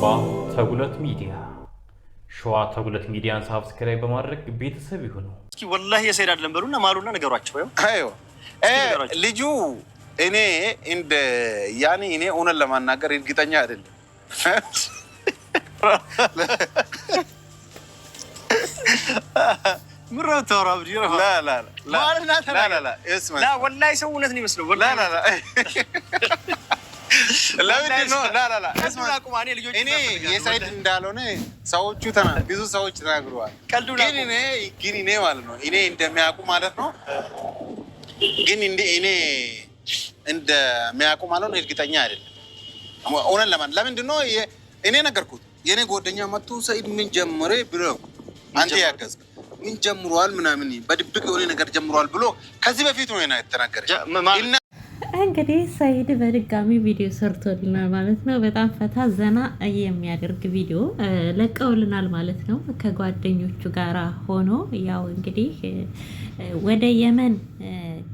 አባ ተጉለት ሚዲያ ሸዋ ተጉለት ሚዲያን ሳብስክራይብ በማድረግ ቤተሰብ ይሁኑ። እስኪ ወላሂ የሰይድ አይደለም በሉና ማሉና ነገሯቸው። ልጁ እኔ እንደ ያኔ እኔ እውነት ለማናገር እርግጠኛ አይደለም። ምረው ተወራ ወላሂ ሰው እውነት ነው ይመስለው እኔ የሳይድ እንዳልሆነ ሰዎቹ ብዙ ሰዎች ተናግረዋል። ግን እኔ ማለት ነው እኔ እንደሚያውቁ ማለት ነው ግን እኔ እንደሚያውቁ ማለት ነው እርግጠኛ አይደለም። እውነት ለማን ለምንድን ነው እኔ ነገርኩት። የእኔ ጓደኛ መጡ ሰይድ ምን ጀምሬ ብሎ አንተ ያገዝ ምን ጀምሯል ምናምን በድብቅ የሆነ ነገር ጀምሯል ብሎ ከዚህ በፊት ነው የተናገረ እንግዲህ ሰይድ በድጋሚ ቪዲዮ ሰርቶልናል ማለት ነው። በጣም ፈታ ዘና የሚያደርግ ቪዲዮ ለቀውልናል ማለት ነው። ከጓደኞቹ ጋራ ሆኖ ያው እንግዲህ ወደ የመን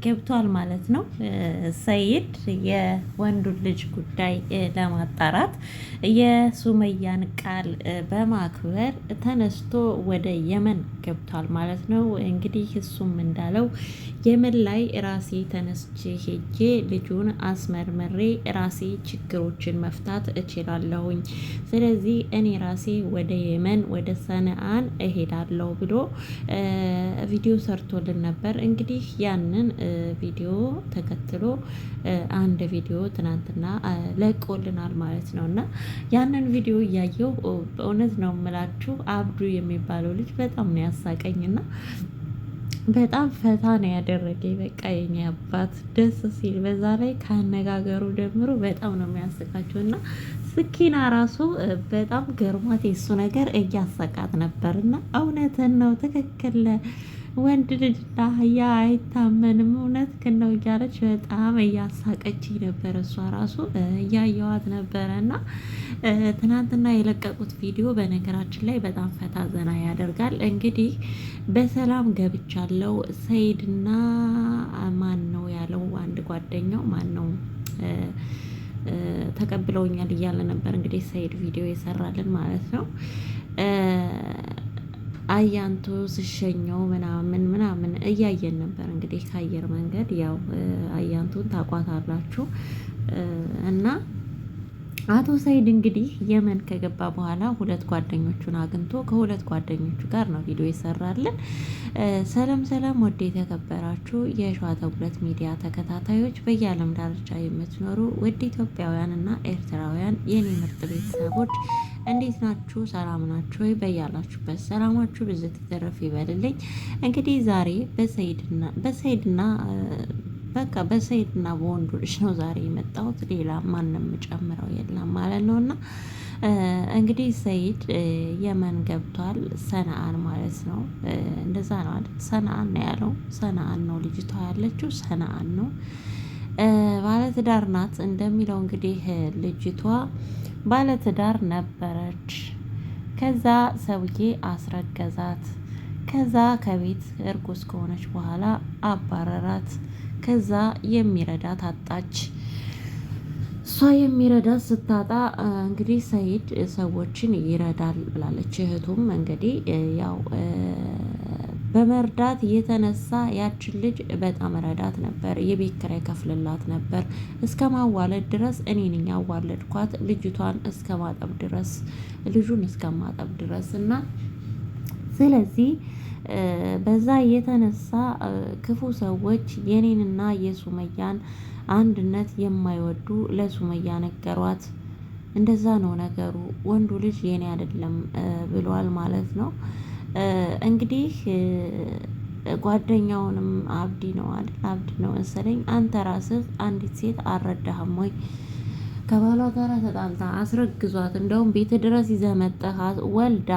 ገብቷል ማለት ነው። ሰይድ የወንዱን ልጅ ጉዳይ ለማጣራት የሱመያን ቃል በማክበር ተነስቶ ወደ የመን ገብቷል ማለት ነው። እንግዲህ እሱም እንዳለው የመን ላይ ራሴ ተነስቼ ሄጄ ልጁን አስመርምሬ ራሴ ችግሮችን መፍታት እችላለሁኝ። ስለዚህ እኔ ራሴ ወደ የመን ወደ ሰነአን እሄዳለሁ ብሎ ቪዲዮ ሰርቶልን ነበር። እንግዲህ ያንን ቪዲዮ ተከትሎ አንድ ቪዲዮ ትናንትና ለቆልናል ማለት ነው። እና ያንን ቪዲዮ እያየው በእውነት ነው የምላችሁ አብዱ የሚባለው ልጅ በጣም ነው ያሳቀኝ በጣም ፈታ ነው ያደረገኝ። በቃ የኔ አባት ደስ ሲል፣ በዛ ላይ ከአነጋገሩ ጀምሮ በጣም ነው የሚያስቃቸው እና ስኪና ራሱ በጣም ገርሟት የሱ ነገር እያሰቃት ነበር እና እውነትን ነው ትክክል ወንድ ልጅና አህያ አይታመንም፣ እውነት ግን ነው እያለች በጣም እያሳቀች ነበረ። እሷ ራሱ እያየዋት ነበረ እና ትናንትና የለቀቁት ቪዲዮ በነገራችን ላይ በጣም ፈታ ዘና ያደርጋል። እንግዲህ በሰላም ገብቻለሁ ሰይድና ማን ነው ያለው አንድ ጓደኛው ማን ነው ተቀብለውኛል እያለ ነበር። እንግዲህ ሰይድ ቪዲዮ ይሰራልን ማለት ነው። አያንቱ ስሸኘው ምናምን ምናምን እያየን ነበር። እንግዲህ ከአየር መንገድ ያው አያንቱን ታቋታላችሁ እና አቶ ሰይድ እንግዲህ የመን ከገባ በኋላ ሁለት ጓደኞቹን አግኝቶ ከሁለት ጓደኞቹ ጋር ነው ቪዲዮ ይሰራልን። ሰላም ሰላም፣ ወደ የተከበራችሁ የሸዋተ ሁለት ሚዲያ ተከታታዮች በየዓለም ዳርቻ የምትኖሩ ወደ ኢትዮጵያውያን እና ኤርትራውያን የኔ ምርጥ ቤተሰቦች እንዴት ናችሁ? ሰላም ናችሁ ወይ? በያላችሁበት ሰላማችሁ ብዙ ትተረፍ ይበልልኝ። እንግዲህ ዛሬ በሰይድና በሰይድና በቃ በሰይድና በወንዱ ነው ዛሬ የመጣሁት። ሌላ ማንም ጨምረው የለም ማለት ነው። እና እንግዲህ ሰይድ የመን ገብቷል፣ ሰነአን ማለት ነው። እንደዛ ነው አለ። ሰነአን ነው ያለው። ሰነአን ነው ልጅቷ ያለችው፣ ሰነአን ነው። ባለትዳር ናት እንደሚለው እንግዲህ ልጅቷ ባለትዳር ነበረች። ከዛ ሰውዬ አስረገዛት። ከዛ ከቤት እርጉዝ ከሆነች በኋላ አባረራት። ከዛ የሚረዳት አጣች። እሷ የሚረዳት ስታጣ እንግዲህ ሰይድ ሰዎችን ይረዳል ብላለች። እህቱም እንግዲህ ያው በመርዳት የተነሳ ያችን ልጅ በጣም ረዳት ነበር። የቤት ኪራይ ከፍልላት ነበር እስከ ማዋለድ ድረስ እኔን ነኝ ያዋለድኳት ልጅቷን እስከ ማጠብ ድረስ ልጁን እስከ ማጠብ ድረስ እና ስለዚህ በዛ የተነሳ ክፉ ሰዎች የኔንና የሱመያን አንድነት የማይወዱ ለሱመያ ነገሯት። እንደዛ ነው ነገሩ። ወንዱ ልጅ የኔ አይደለም ብሏል ማለት ነው። እንግዲህ ጓደኛውንም አብዲ ነው አይደል? አብዲ ነው መሰለኝ። አንተ ራስህ አንዲት ሴት አልረዳህም ወይ? ከባሏ ጋር ተጣልታ አስረግዟት፣ እንደውም ቤት ድረስ ይዘህ መጠህ ወልዳ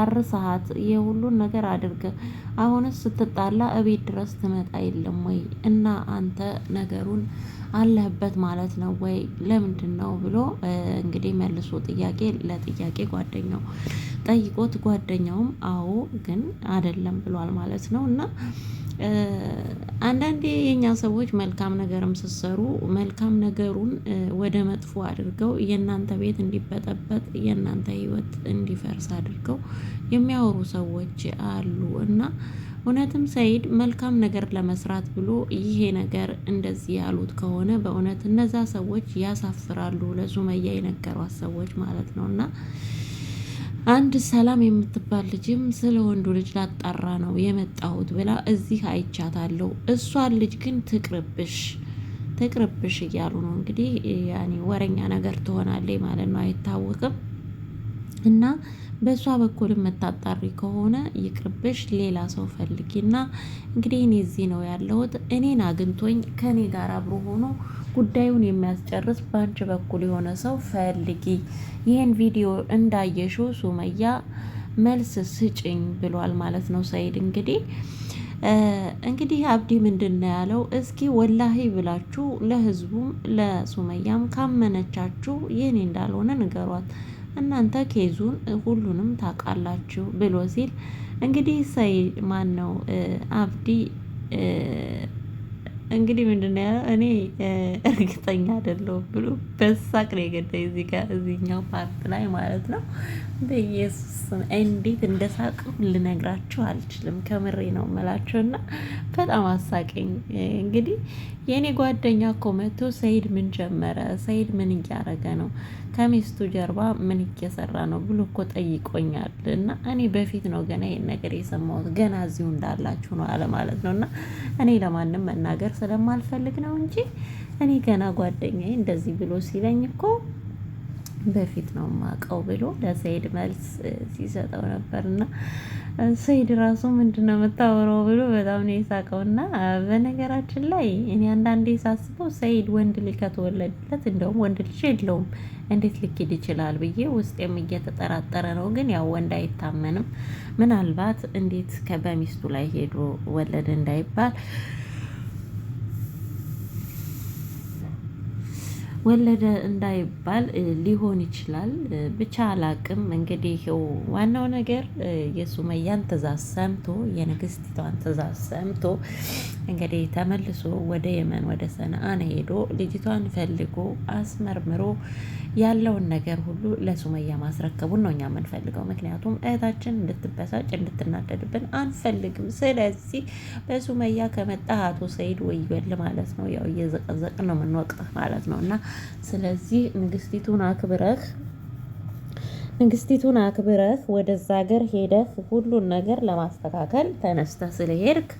አርሰሃት፣ የሁሉን ነገር አድርገህ አሁንስ ስትጣላ እቤት ድረስ ትመጣ የለም ወይ? እና አንተ ነገሩን አለህበት ማለት ነው ወይ? ለምንድን ነው ብሎ እንግዲህ መልሶ ጥያቄ ለጥያቄ ጓደኛው ጠይቆት ጓደኛውም አዎ ግን አይደለም ብሏል ማለት ነው እና አንዳንዴ የኛ ሰዎች መልካም ነገርም ስሰሩ መልካም ነገሩን ወደ መጥፎ አድርገው የእናንተ ቤት እንዲበጠበጥ የእናንተ ሕይወት እንዲፈርስ አድርገው የሚያወሩ ሰዎች አሉ እና እውነትም ሰይድ መልካም ነገር ለመስራት ብሎ ይሄ ነገር እንደዚህ ያሉት ከሆነ በእውነት እነዛ ሰዎች ያሳፍራሉ። ለሱመያ የነገሯት ሰዎች ማለት ነው። እና አንድ ሰላም የምትባል ልጅም ስለ ወንዱ ልጅ ላጣራ ነው የመጣሁት ብላ እዚህ አይቻታለሁ። እሷን ልጅ ግን ትቅርብሽ ትቅርብሽ እያሉ ነው እንግዲህ ያኔ ወረኛ ነገር ትሆናለች ማለት ነው። አይታወቅም እና በእሷ በኩል የምታጣሪ ከሆነ ይቅርብሽ፣ ሌላ ሰው ፈልጊ ና እንግዲህ እኔ እዚህ ነው ያለሁት። እኔን አግኝቶኝ ከእኔ ጋር አብሮ ሆኖ ጉዳዩን የሚያስጨርስ በአንቺ በኩል የሆነ ሰው ፈልጊ። ይህን ቪዲዮ እንዳየሽው ሱመያ መልስ ስጭኝ ብሏል ማለት ነው ሰይድ እንግዲህ እንግዲህ አብዲ ምንድን ነው ያለው? እስኪ ወላሂ ብላችሁ ለህዝቡም ለሱመያም ካመነቻችሁ ይህኔ እንዳልሆነ ንገሯት። እናንተ ኬዙን ሁሉንም ታውቃላችሁ ብሎ ሲል እንግዲህ ሰይ ማን ነው አብዲ እንግዲህ ምንድን ነው ያለው እኔ እርግጠኛ አይደለሁም ብሎ በሳቅ ነው የገዳይ። እዚህ ጋር እዚህኛው ፓርት ላይ ማለት ነው። በኢየሱስ እንዴት እንደ ሳቅ ልነግራችሁ አልችልም። ከምሬ ነው የምላችሁ እና በጣም አሳቀኝ። እንግዲህ የእኔ ጓደኛ እኮ መቶ ሰይድ ምን ጀመረ፣ ሰይድ ምን እያደረገ ነው ከሚስቱ ጀርባ ምን እየሰራ ነው ብሎ እኮ ጠይቆኛል። እና እኔ በፊት ነው ገና ይህን ነገር የሰማሁት ገና እዚሁ እንዳላችሁ ነው አለ ማለት ነው። እና እኔ ለማንም መናገር ስለማልፈልግ ነው እንጂ እኔ ገና ጓደኛዬ እንደዚህ ብሎ ሲለኝ እኮ በፊት ነው ማቀው ብሎ ለሰይድ መልስ ሲሰጠው ነበር። እና ሰይድ ራሱ ምንድነው የምታወራው ብሎ በጣም ነው የሳቀው። እና በነገራችን ላይ እኔ አንዳንዴ ሳስበው ሰይድ ወንድ ልጅ ከተወለድለት እንደውም ወንድ ልጅ የለውም እንዴት ልክድ ይችላል ብዬ ውስጤም እየተጠራጠረ ነው። ግን ያው ወንድ አይታመንም። ምናልባት እንዴት በሚስቱ ላይ ሄዶ ወለድ እንዳይባል ወለደ እንዳይባል ሊሆን ይችላል። ብቻ አላቅም። እንግዲህ ዋናው ነገር የሱመያን ትዕዛዝ ሰምቶ የንግስቲቷን ትዕዛዝ ሰምቶ እንግዲህ ተመልሶ ወደ የመን ወደ ሰነአን ሄዶ ልጅቷን ፈልጎ አስመርምሮ ያለውን ነገር ሁሉ ለሱመያ ማስረከቡን ነው እኛ የምንፈልገው። ምክንያቱም እህታችን እንድትበሳጭ እንድትናደድብን አንፈልግም። ስለዚህ በሱመያ ከመጣ አቶ ሰይድ ወዮል ማለት ነው። ያው እየዘቀዘቅ ነው የምንወቅጥህ ማለት ነው እና ስለዚህ ንግስቲቱን አክብረህ ንግስቲቱን አክብረህ ወደዛ ሀገር ሄደህ ሁሉን ነገር ለማስተካከል ተነስተህ ስለሄድክ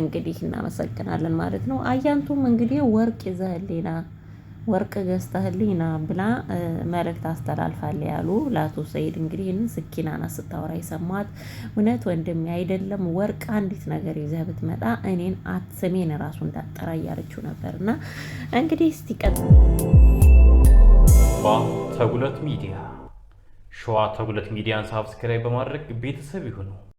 እንግዲህ እናመሰግናለን ማለት ነው። አያንቱም እንግዲህ ወርቅ ይዘህልና ወርቅ ገዝተህልኝ ና ብላ መልእክት አስተላልፋል ያሉ ለአቶ ሰይድ እንግዲህ ይህንን ስኪናና ስታወራ የሰማት እውነት ወንድሜ አይደለም ወርቅ አንዲት ነገር ይዘህ ብትመጣ እኔን አትስሜን ራሱ እንዳጠራ እያለችው ነበር። እና እንግዲህ እስቲ ቀጥ ተጉለት ሚዲያ ሸዋ ተጉለት ሚዲያን ሳብስክራይብ በማድረግ ቤተሰብ ይሁኑ።